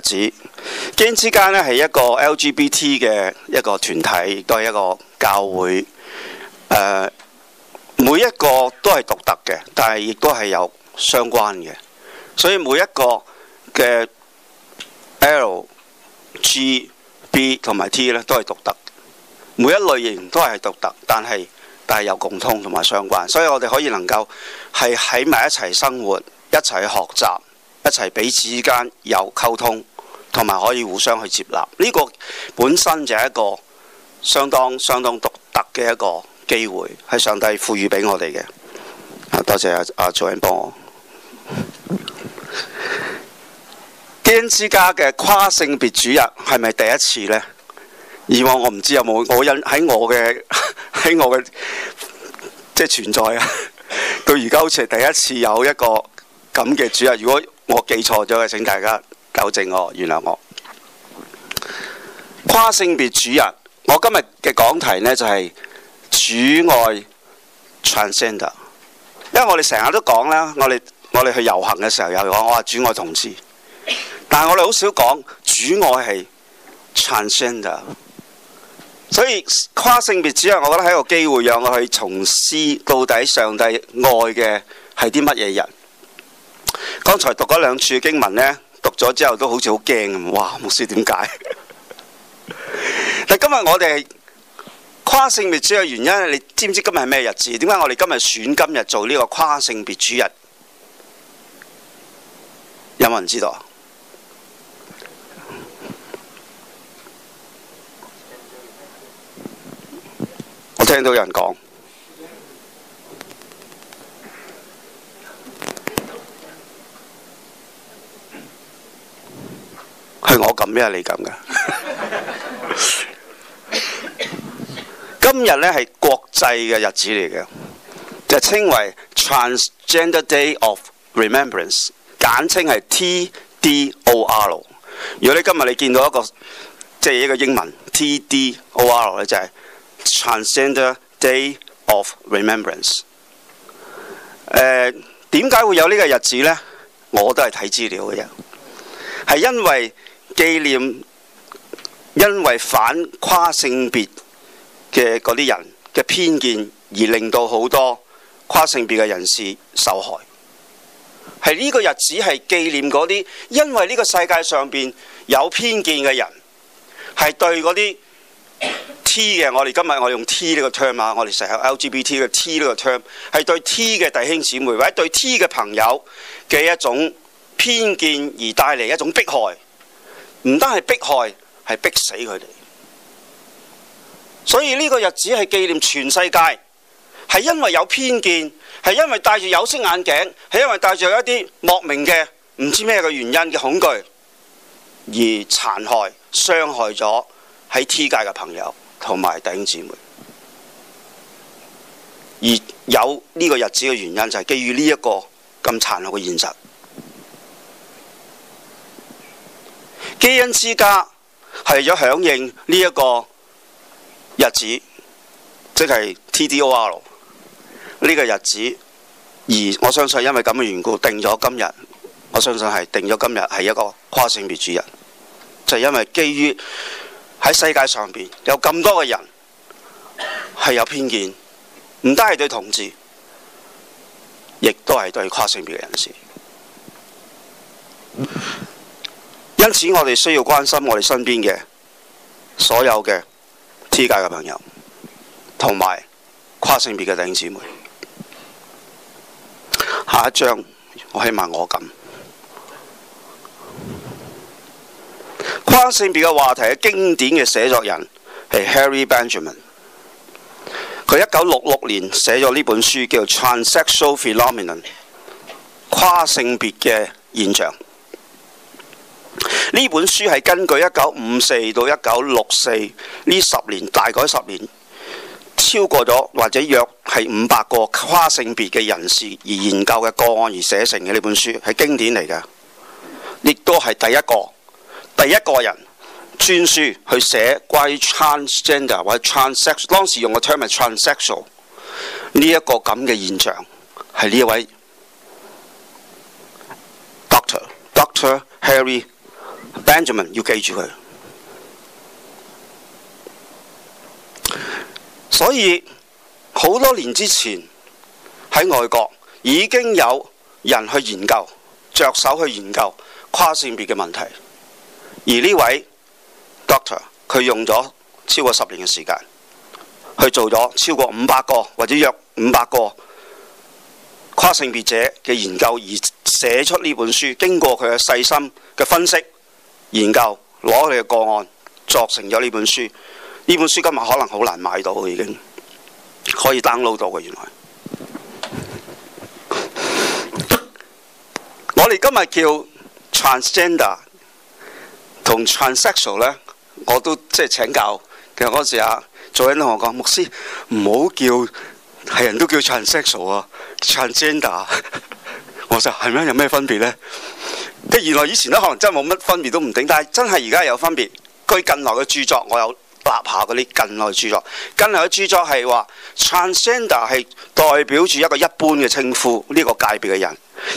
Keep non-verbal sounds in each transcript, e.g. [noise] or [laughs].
子，基恩之家咧係一個 LGBT 嘅一個團體，亦都係一個教會。誒、呃、每一個都係獨特嘅，但係亦都係有相關嘅。所以每一個嘅 L、G、B 同埋 T 咧都係獨特，每一類型都係獨特，但係但係有共通同埋相關，所以我哋可以能夠係喺埋一齊生活，一齊學習，一齊彼此之間有溝通。同埋可以互相去接納，呢個本身就係一個相當相當獨特嘅一個機會，係上帝賦予俾我哋嘅。多謝阿阿曹欣幫我。基恩之家嘅跨性別主日係咪第一次咧？以往我唔知有冇，我因喺我嘅喺我嘅即係存在啊。到而家好似係第一次有一個咁嘅主日。如果我記錯咗嘅，請大家。有正我原諒我跨性別主人。我今日嘅講題呢，就係、是、主愛 transgender。因為我哋成日都講啦，我哋我哋去遊行嘅時候又講我話主愛同志，但係我哋好少講主愛係 transgender。所以跨性別主人，我覺得係一個機會讓我去從思到底上帝愛嘅係啲乜嘢人。剛才讀嗰兩處經文呢。讀咗之後都好似好驚咁，哇！唔知點解。但，今日我哋跨性別主日嘅原因，你知唔知今日係咩日子？點解我哋今日選今日做呢個跨性別主日？有冇人知道？啊，我聽到有人講。係我咁咩？你咁嘅。今日咧係國際嘅日子嚟嘅，就稱為 Transgender Day of Remembrance，簡稱係 T D O R。如果你今日你見到一個即係一個英文 T D O R 咧，就係 Transgender Day of Remembrance。誒，點解會有呢個日子呢？我都係睇資料嘅啫，係因為。紀念因為反跨性別嘅嗰啲人嘅偏見，而令到好多跨性別嘅人士受害。係呢個日子係紀念嗰啲因為呢個世界上邊有偏見嘅人，係對嗰啲 T 嘅，我哋今日我哋用 T 呢個 term 啊，我哋成日 LGBT 嘅 T 呢個 term 係對 T 嘅弟兄姊妹或者對 T 嘅朋友嘅一種偏見，而帶嚟一種迫害。唔單係迫害，係逼死佢哋。所以呢個日子係紀念全世界，係因為有偏見，係因為戴住有色眼鏡，係因為戴住一啲莫名嘅唔知咩嘅原因嘅恐懼，而殘害、傷害咗喺 T 界嘅朋友同埋弟兄姊妹。而有呢個日子嘅原因，就係基於呢一個咁殘酷嘅現實。基恩之家係咗響應呢一個日子，即係 TDOR 呢個日子，而我相信因為咁嘅緣故，定咗今日。我相信係定咗今日係一個跨性別主日，就係、是、因為基於喺世界上邊有咁多嘅人係有偏見，唔單係對同志，亦都係對跨性別人士。因此，我哋需要關心我哋身邊嘅所有嘅 T 界嘅朋友，同埋跨性別嘅弟兄姊妹。下一章，我希望我咁跨性別嘅話題嘅經典嘅寫作人係 Harry Benjamin。佢一九六六年寫咗呢本書，叫做《Transsexual Phenomenon》，跨性別嘅現象。呢本書係根據一九五四到一九六四呢十年，大概十年，超過咗或者約係五百個跨性別嘅人士而研究嘅個案而寫成嘅。呢本書係經典嚟嘅，亦都係第一個，第一個人專書去寫關於 transgender 或者 transsex，當時用嘅 term 係 transsexual 呢一個咁嘅現象，係呢一位 doctor，doctor Harry。Benjamin 要記住佢，所以好多年之前喺外國已經有人去研究、着手去研究跨性別嘅問題。而呢位 Doctor 佢用咗超過十年嘅時間，去做咗超過五百個或者約五百個跨性別者嘅研究，而寫出呢本書。經過佢嘅細心嘅分析，研究攞你嘅個案，作成咗呢本書。呢本書今日可能好難買到，已經可以 download 到嘅。原來我哋今日叫 transgender 同 transsexual 咧，我都即係、就是、請教。其實嗰時啊，做緊同我講牧師唔好叫係人都叫 transsexual 啊，transgender。 [laughs] 我就係咩有咩分別咧？嘅原來以前咧可能真係冇乜分別都唔定，但係真係而家有分別。據近來嘅著作，我有立下嗰啲近來嘅著作，近來嘅著作係話 Transgender 係代表住一個一般嘅稱呼呢個界別嘅人，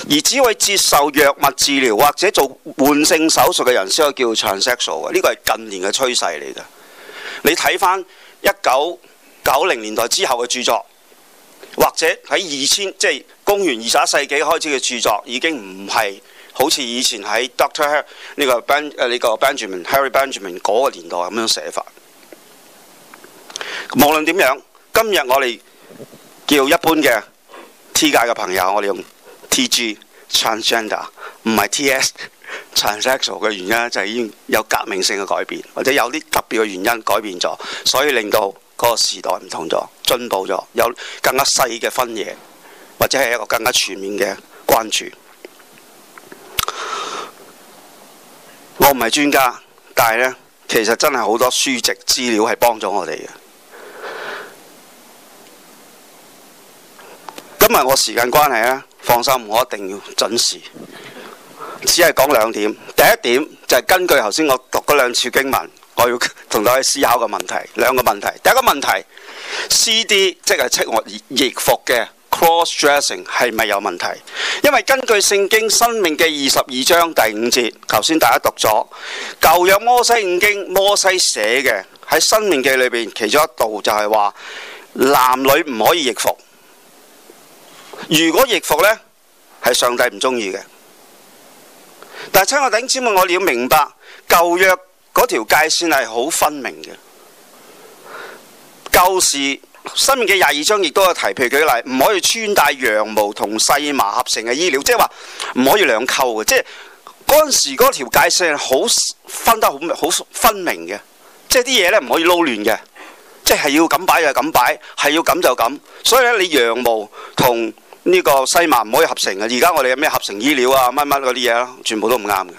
而只會接受藥物治療或者做換性手術嘅人先可以叫做 Transsexual 嘅，呢個係近年嘅趨勢嚟嘅。你睇翻一九九零年代之後嘅著作，或者喺二千即係公元二十一世紀開始嘅著作，已經唔係。好似以前喺 Doctor Harry 呢個 Ben 誒呢個 Benjamin Harry Benjamin 嗰個年代咁樣寫法。無論點樣，今日我哋叫一般嘅 T 界嘅朋友，我哋用 TG transgender，唔係 TS transsexual 嘅原因就係、是、已經有革命性嘅改變，或者有啲特別嘅原因改變咗，所以令到嗰個時代唔同咗，進步咗，有更加細嘅分野，或者係一個更加全面嘅關注。我唔係專家，但係呢，其實真係好多書籍資料係幫咗我哋嘅。今日我的時間關係咧，放心，我一定要準時。只係講兩點，第一點就係、是、根據頭先我讀嗰兩次經文，我要同大家思考嘅問題，兩個問題。第一個問題，C D 即係出我異服嘅。cross dressing 係咪有問題？因為根據聖經申命記二十二章第五節，頭先大家讀咗舊約摩西五經，摩西寫嘅喺申命記裏邊，其中一道就係話男女唔可以逆服。如果逆服呢，係上帝唔中意嘅。但係親我頂先我哋要明白舊約嗰條界線係好分明嘅，舊事。新嘅廿二章亦都有提，譬如舉例，唔可以穿戴羊毛同細麻合成嘅衣料，即係話唔可以兩溝嘅，即係嗰陣時嗰條界線好分得好好分明嘅，即係啲嘢咧唔可以撈亂嘅，即係要咁擺就咁擺，係要咁就咁。所以咧，你羊毛同呢個細麻唔可以合成嘅。而家我哋有咩合成衣料啊？乜乜嗰啲嘢咯，全部都唔啱嘅。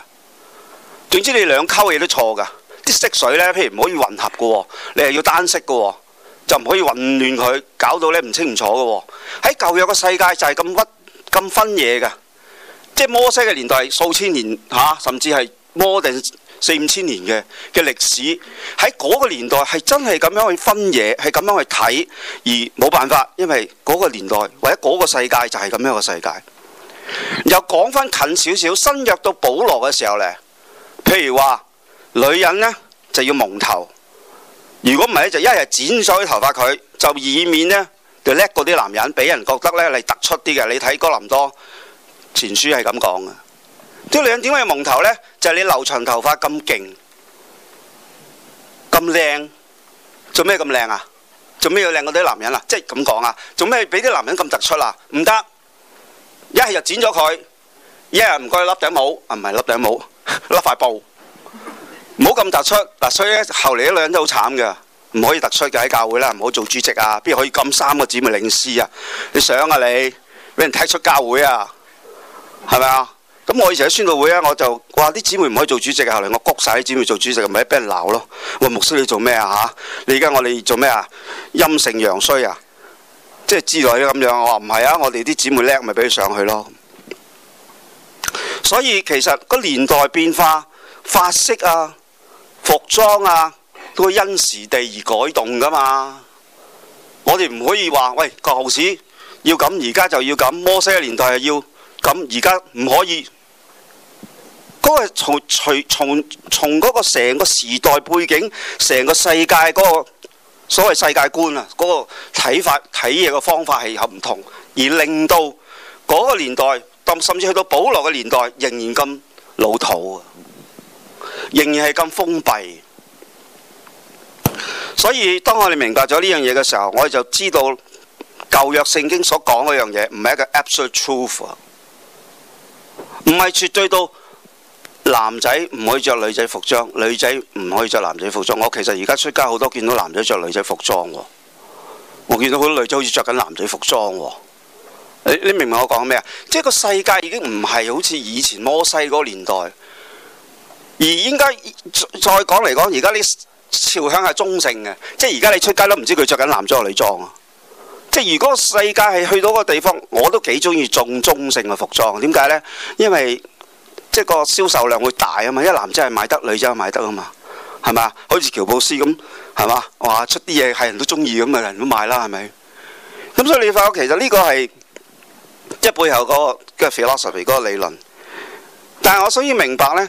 總之你兩溝嘢都錯噶，啲色水咧，譬如唔可以混合嘅，你係要單色嘅。就唔可以混亂佢，搞到咧唔清唔楚嘅喎、哦。喺舊約嘅世界就係咁屈咁分嘢嘅，即係摩西嘅年代，數千年嚇、啊，甚至係摩定四五千年嘅嘅歷史。喺嗰個年代係真係咁樣，樣去分嘢，係咁樣去睇，而冇辦法，因為嗰個年代或者嗰個世界就係咁樣嘅世界。又講返近少少，新約到保羅嘅時候咧，譬如話女人咧就要蒙頭。如果唔係就一係剪咗啲頭髮佢，就以免呢，就叻過啲男人，俾人覺得你突出啲嘅。你睇哥林多前書係咁講嘅。啲女人點解蒙頭呢，就係、你留長頭髮咁勁、咁靚，做咩咁靚啊？做咩要靚過啲男人啊？即係咁講啊！做咩俾啲男人咁突出啊？唔得，一係剪咗佢，一係唔該笠頂帽啊，唔係笠頂帽，笠塊布。唔好咁突出嗱，啊，所以咧後嚟啲女人都好慘嘅，唔可以突出嘅喺教會啦，唔好做主席啊，邊可以咁三個姊妹領師啊？你想啊你，俾人踢出教會啊，係咪啊？咁我以前喺宣道會啊，我就話啲姊妹唔可以做主席嘅，後嚟我谷晒啲姊妹做主席，咪俾人鬧咯。喂，牧師你做咩啊？吓，你而家我哋做咩啊？陰盛陽衰啊，即係之類啲咁樣。我話唔係啊，我哋啲姊妹叻，咪俾佢上去咯。所以其實個年代變化，髮式啊。服裝啊，都會因時地而改動噶嘛。我哋唔可以話，喂，舊時要咁，而家就要咁。摩西嘅年代係要咁，而家唔可以。嗰、那個從從從從嗰個成個時代背景、成個世界嗰、那個所謂世界觀啊，嗰、那個睇法睇嘢嘅方法係又唔同，而令到嗰個年代，甚至去到保羅嘅年代，仍然咁老土啊。仍然係咁封閉，所以當我哋明白咗呢樣嘢嘅時候，我哋就知道舊約聖經所講嗰樣嘢唔係一個 absolute truth，唔係絕對到男仔唔可以着女仔服裝，女仔唔可以着男仔服裝。我其實而家出街好多見到男仔着女仔服裝喎，我見到好多女仔好似着緊男仔服裝喎。你明唔明我講咩啊？即係個世界已經唔係好似以前摩西嗰年代，而應該再講嚟講，而家啲潮向係中性嘅，即係而家你出街都唔知佢着緊男裝女裝啊。即係如果世界係去到個地方，我都幾中意中中性嘅服裝。點解呢？因為即係個銷售量會大啊嘛。一男仔係買得女，女仔又買得啊嘛，係咪好似喬布斯咁係嘛？話出啲嘢係人都中意咁啊，人都買啦，係咪？咁所以你發覺其實呢個係即係背後、嗰個嘅、嗰個、philosophy 嗰個理論，但係我雖然明白呢。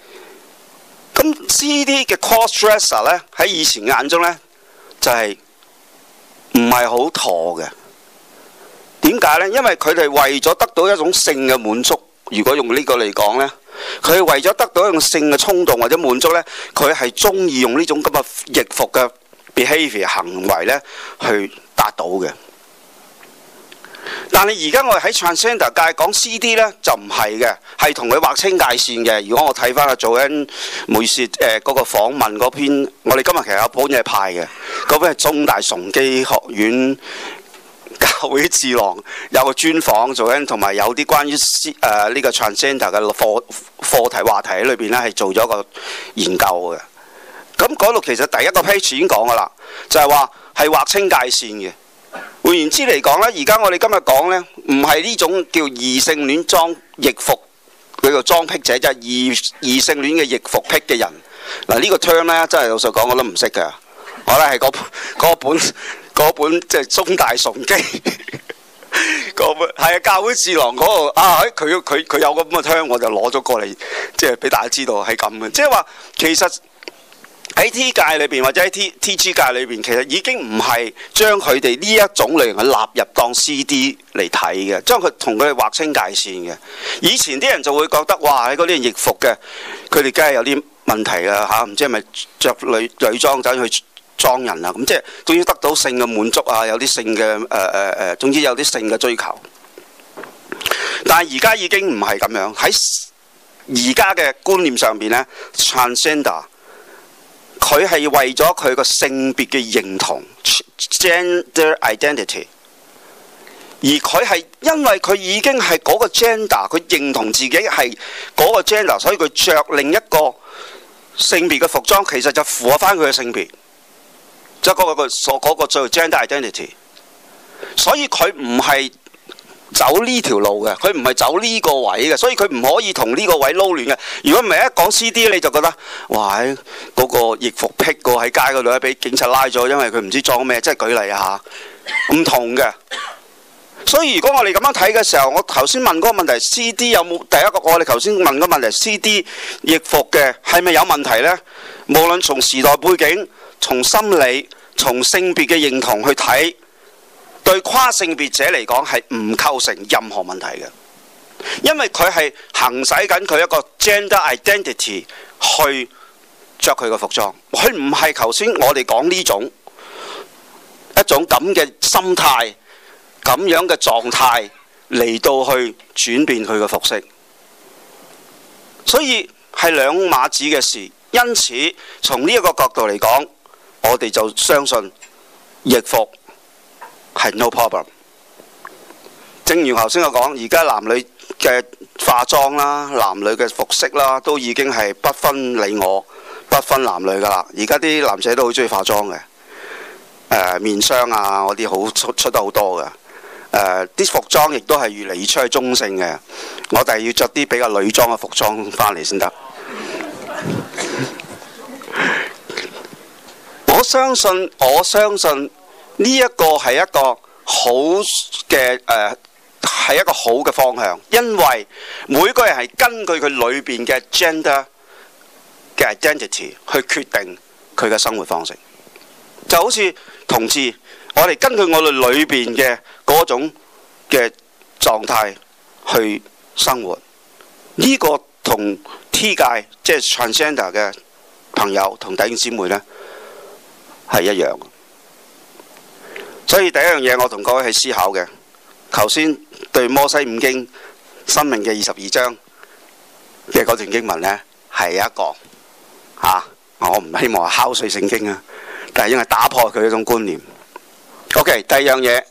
咁 CD 嘅 cross-dresser 咧，喺以前嘅眼中咧，就係唔係好妥嘅。點解咧？因為佢哋為咗得到一種性嘅滿足，如果用呢個嚟講咧，佢為咗得到一種性嘅衝動或者滿足咧，佢係中意用呢種咁嘅易服嘅 behavior 行為咧去達到嘅。但係而家我哋喺 transgender 界講 CD 咧就唔係嘅，係同佢劃清界線嘅。如果我睇翻阿 Joan 每次誒嗰、呃嗰個訪問嗰篇，我哋今日其實有本嘢派嘅嗰篇係中大崇基學院教會智囊有個專訪做緊，同埋有啲關於 C 誒呢個 transgender 嘅課課題話題，喺裏邊咧係做咗個研究嘅。咁嗰度其實第一個 page 已經講噶啦，就係話係劃清界線嘅。換言之嚟講咧，而家我哋今日講呢，唔係呢種叫異性戀裝易服，佢個裝癖者，即係異異性戀嘅易服癖嘅人。嗱、啊、呢、這個 term 呢，真係老實講我都唔識㗎。我呢係嗰本嗰本即係中大崇基。嗰 [laughs] 本，係啊教會侍郎嗰度啊佢佢佢有個咁嘅 term，我就攞咗過嚟，即係俾大家知道係咁嘅。即係話其實。喺 T 界裏邊或者喺 T T G 界裏邊，其實已經唔係將佢哋呢一種類型嘅納入當 C D 嚟睇嘅，將佢同佢劃清界線嘅。以前啲人就會覺得哇，你嗰啲係易服嘅，佢哋梗係有啲問題啦吓，啊，唔知係咪着女女裝走去裝人啦咁，即係終於得到性嘅滿足啊，有啲性嘅誒誒誒，總之有啲性嘅追求。但係而家已經唔係咁樣，喺而家嘅觀念上邊呢。transgender 佢係為咗佢個性別嘅認同 （gender identity），而佢係因為佢已經係個 gender，佢認同自己係個 gender，所以佢着另一個性別嘅服裝其實就符合翻佢嘅性別，即係嗰個嗰、嗰個叫做 gender identity。所以佢唔係。走呢條路嘅，佢唔係走呢個位嘅，所以佢唔可以同呢個位撈亂嘅。如果唔係一講 C D，你就覺得哇喺嗰、嗰個易服癖過喺街嗰度咧，俾警察拉咗，因為佢唔知道裝咩？即係舉例下，唔同嘅。所以如果我哋咁樣睇嘅時候，我頭先問嗰個問題，C D 有冇第一個我哋頭先問嘅問題，C D 易服嘅係咪有問題呢？無論從時代背景、從心理、從性別嘅認同去睇。對跨性別者嚟講係唔構成任何問題嘅，因為佢係行使緊佢一個 gender identity 去着佢嘅服裝，佢唔係頭先我哋講呢種一種咁嘅心態、咁樣嘅狀態嚟到去轉變佢嘅服飾，所以係兩碼子嘅事。因此，從呢一個角度嚟講，我哋就相信易服。係 no problem。正如頭先我講，而家男女嘅化妝啦、男女嘅服飾啦，都已經係不分你我、不分男女噶啦。而家啲男仔都好中意化妝嘅、呃，面霜啊嗰啲好出出得好多嘅。啲、呃、服裝亦都係越嚟越趨向中性嘅。我哋要着啲比較女裝嘅服裝翻嚟先得。 [laughs] 我相信，我相信。呢、這、一個係一個好嘅誒係一個好嘅方向，因為每個人係根據佢裏邊嘅 gender 嘅 identity 去決定佢嘅生活方式。就好似同志，我哋根據我哋裏邊嘅種種嘅狀態去生活，呢、這個同 T 界即係、就是、transgender 嘅朋友同弟兄姊妹咧係一樣。所以第一樣嘢，我同各位去思考嘅，頭先對摩西五經申命記嘅二十二章嘅嗰段經文呢，係一個吓，我唔希望敲碎聖經啊，但係因為打破佢嗰種觀念。OK，第二樣嘢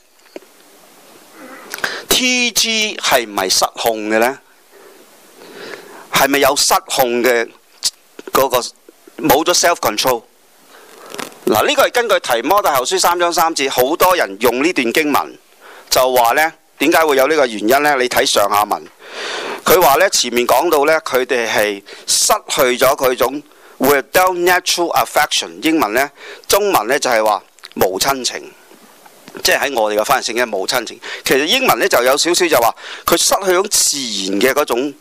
，TG 係唔係失控嘅呢？係咪有失控嘅嗰個冇咗 self control？嗱，呢個係根據《提摩太後書》三章三節，好多人用呢段經文就話呢點解會有呢個原因呢？你睇上下文，佢話呢前面講到呢，佢哋係失去咗佢種 without natural affection，英文呢，中文呢就係話無親情，即係喺我哋嘅翻譯性呢無親情。其實英文呢就有少少就話佢失去咗自然嘅嗰種，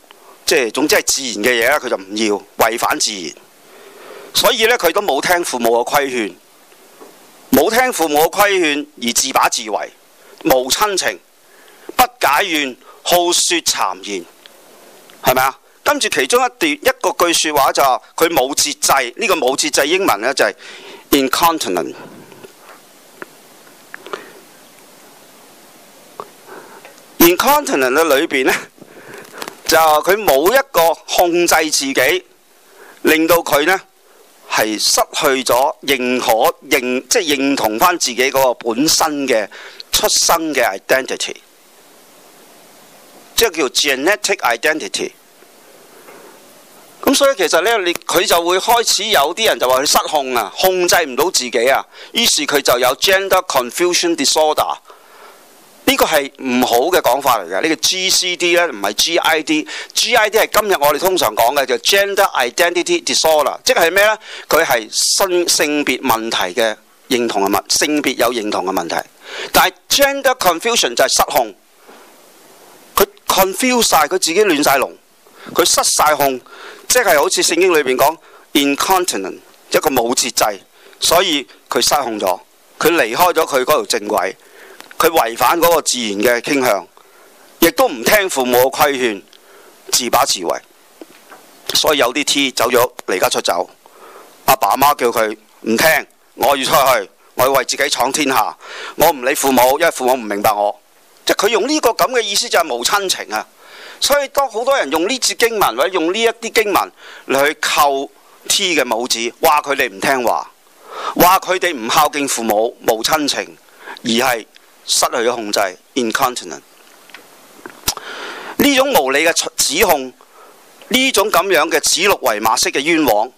即係總之係自然嘅嘢啦，佢就唔要，違反自然。所以呢，佢都冇聽父母嘅規勸，冇聽父母嘅規勸而自把自為，冇親情，不解怨，好說讒言，係咪啊？跟住其中一段一個句説話就話佢冇節制，呢個冇節制英文呢，就係 incontinent。incontinent 嘅裏邊呢就佢冇一個控制自己，令到佢呢。係失去咗認可認即係認同返自己嗰個本身嘅出生嘅 identity，即係叫 genetic identity。咁所以其實呢，你佢就會開始有啲人就話佢失控啊，控制唔到自己啊，於是佢就有 gender confusion disorder。呢個係唔好嘅講法嚟嘅，呢個 GCD 咧，唔係 GID，GID 係今日我哋通常講嘅叫 gender identity disorder，即係咩呢？佢係性性別問題嘅認同嘅問，性別有認同嘅問題。但係 gender confusion 就係失控，佢 confuse 晒佢自己亂晒龍，佢失晒控，即係好似聖經裏面講 incontinent，一個冇節制，所以佢失控咗，佢離開咗佢嗰條正軌。佢違反嗰個自然嘅傾向，亦都唔聽父母嘅規勸，自把自為，所以有啲 T 走咗離家出走。阿爸阿媽叫佢唔聽，我要出去，我要為自己闖天下，我唔理父母，因為父母唔明白我。即佢用呢個咁嘅意思，就係無親情啊。所以當好多人用呢節經文或者用呢一啲經文嚟去扣 T 嘅帽子，話佢哋唔聽話，話佢哋唔孝敬父母無親情，而係。失去咗控制，incontinent。呢種無理嘅指控，呢種咁樣嘅指鹿為馬式嘅冤枉，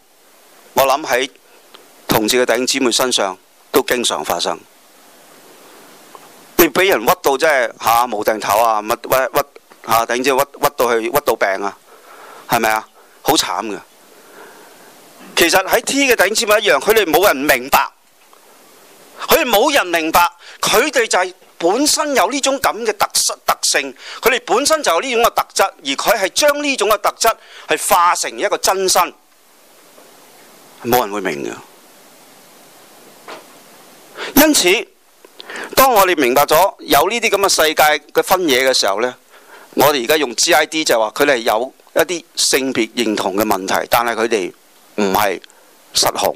我諗喺同志嘅弟兄姊妹身上都經常發生。你俾人屈到即係嚇無定頭啊！乜屈屈嚇頂之屈屈到去屈到病啊？係咪啊？好慘㗎。其實喺 T 嘅弟兄姊妹一樣，佢哋冇人明白。佢哋冇人明白，佢哋就係本身有呢種咁嘅特特性，佢哋本身就係呢種嘅特質，而佢係將呢種嘅特質係化成一個真身，冇人會明嘅。因此，當我哋明白咗有呢啲咁嘅世界嘅分野嘅時候呢，我哋而家用 GID 就話佢哋有一啲性別認同嘅問題，但係佢哋唔係失控。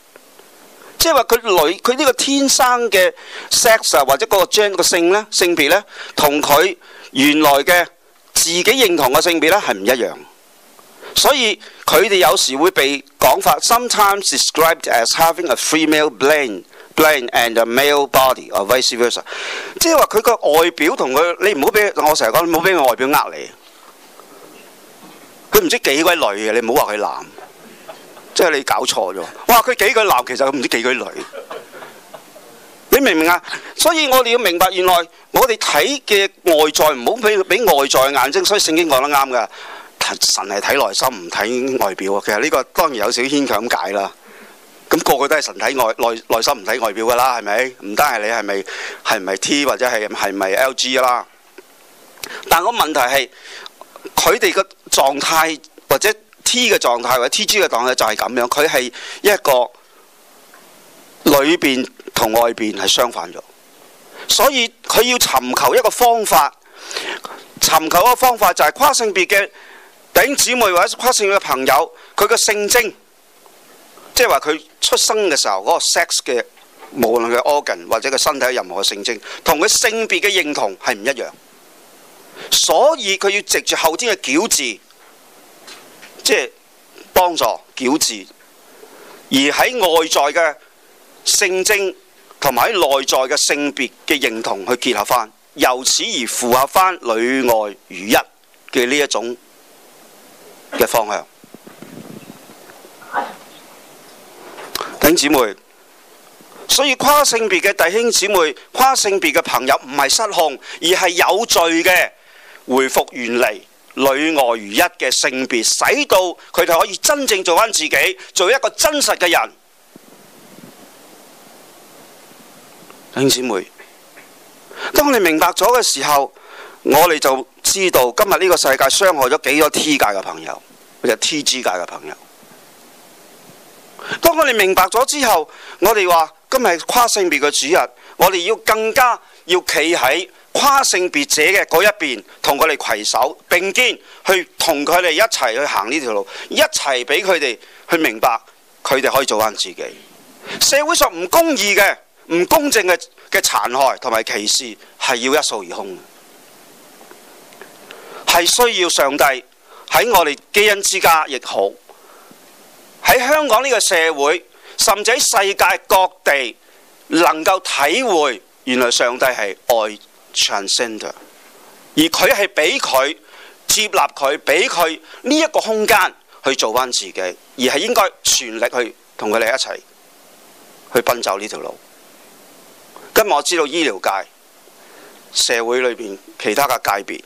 即係話佢女，佢呢個天生嘅 sex 啊，或者嗰個 gen 個性咧、性別咧，同佢原來嘅自己認同嘅性別咧係唔一樣，所以佢哋有時會被講法，sometimes described as having a female brain brain and a male body or vice versa。即係話佢個外表同佢，你唔好俾我成日講，唔好俾佢外表呃你。佢唔知幾鬼女嘅，你唔好話佢男。即係你搞錯咗，哇！佢幾句男其實佢唔知幾句女，你明唔明啊？所以我哋要明白，原來我哋睇嘅外在，唔好俾俾外在眼睛，所以聖經講得啱㗎，神係睇內心唔睇外表啊！其實呢個當然有少少牽強解啦。咁、那個個都係神睇內內內心唔睇外表噶啦，係咪？唔單係你係咪係咪 T 或者係係咪 LG 啦？但個問題係佢哋嘅狀態或者。T 嘅狀態或者 TG 嘅狀態就係咁樣，佢係一個裏邊同外邊係相反咗，所以佢要尋求一個方法，尋求一個方法就係跨性別嘅頂姊妹或者跨性嘅朋友，佢嘅性徵，即係話佢出生嘅時候嗰個 sex 嘅，無論佢 organ 或者佢身體任何嘅性徵，同佢性別嘅認同係唔一樣，所以佢要藉住後天嘅矯治。即係幫助矯治，而喺外在嘅性徵，同埋喺內在嘅性別嘅認同去結合翻，由此而符合翻裡外如一嘅呢一種嘅方向。弟兄姊妹，所以跨性別嘅弟兄姊妹，跨性別嘅朋友唔係失控，而係有序嘅，回復原嚟，裡外如一嘅性別，使到佢哋可以真正做返自己，做一個真實嘅人。弟兄姊妹，當你明白咗嘅時候，我哋就知道今日呢個世界傷害咗幾多 T 界嘅朋友，或者 TG 界嘅朋友。當我哋明白咗之後，我哋話今日跨性別嘅主日，我哋要更加要企喺跨性別者嘅嗰一邊，同佢哋攜手並肩去同佢哋一齊去行呢條路，一齊俾佢哋去明白，佢哋可以做返自己。社會上唔公義嘅、唔公正嘅嘅殘害同埋歧視係要一掃而空，係需要上帝喺我哋基恩之家亦好喺香港呢個社會，甚至喺世界各地能夠體會，原來上帝係愛。Transgender，而佢係俾佢接納佢，俾佢呢一個空間去做返自己，而係應該全力去同佢哋一齊去奔走呢條路。今日我知道醫療界、社會裏邊其他嘅界別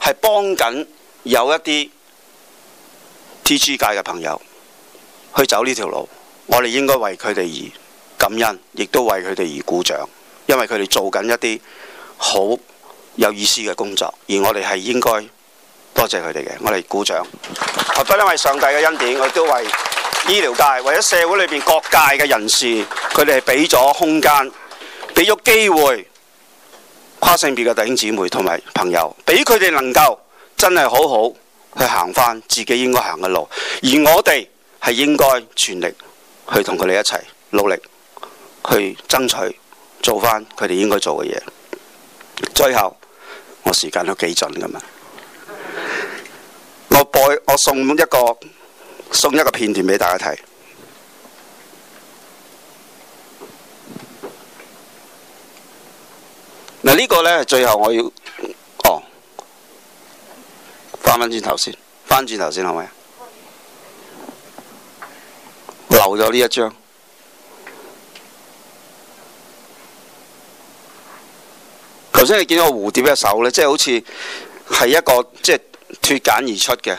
係幫緊有一啲 TG 界嘅朋友去走呢條路，我哋應該為佢哋而感恩，亦都為佢哋而鼓掌，因為佢哋做緊一啲。好有意思嘅工作，而我哋係應該多謝佢哋嘅，我哋鼓掌。好，多因為上帝嘅恩典，我亦都為醫療界，或者社會裏邊各界嘅人士，佢哋係俾咗空間，俾咗機會跨性別嘅弟兄姊妹同埋朋友，俾佢哋能夠真係好好去行翻自己應該行嘅路，而我哋係應該全力去同佢哋一齊努力去爭取做翻佢哋應該做嘅嘢。最後我時間都幾盡噶嘛，我播，我送一個送一個片段俾大家睇。嗱呢個呢，最後我要哦，翻翻轉頭先，翻轉頭先好咪，留咗呢一張。頭先你見到個蝴蝶嘅手咧，即係好似係一個即係脫繭而出嘅，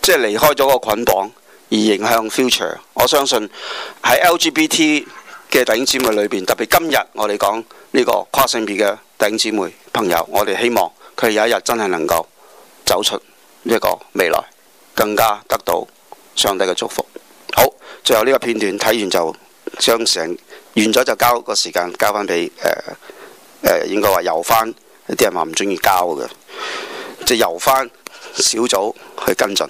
即係離開咗個捆綁而迎向 future。我相信喺 LGBT 嘅弟兄姊妹裏邊，特別今日我哋講呢個跨性別嘅弟兄姊妹朋友，我哋希望佢有一日真係能夠走出呢一個未來，更加得到上帝嘅祝福。好，最後呢個片段睇完就將成完咗就交個時間交翻俾誒。呃誒應該話由返一啲人話唔中意交嘅，即係由返小組去跟進。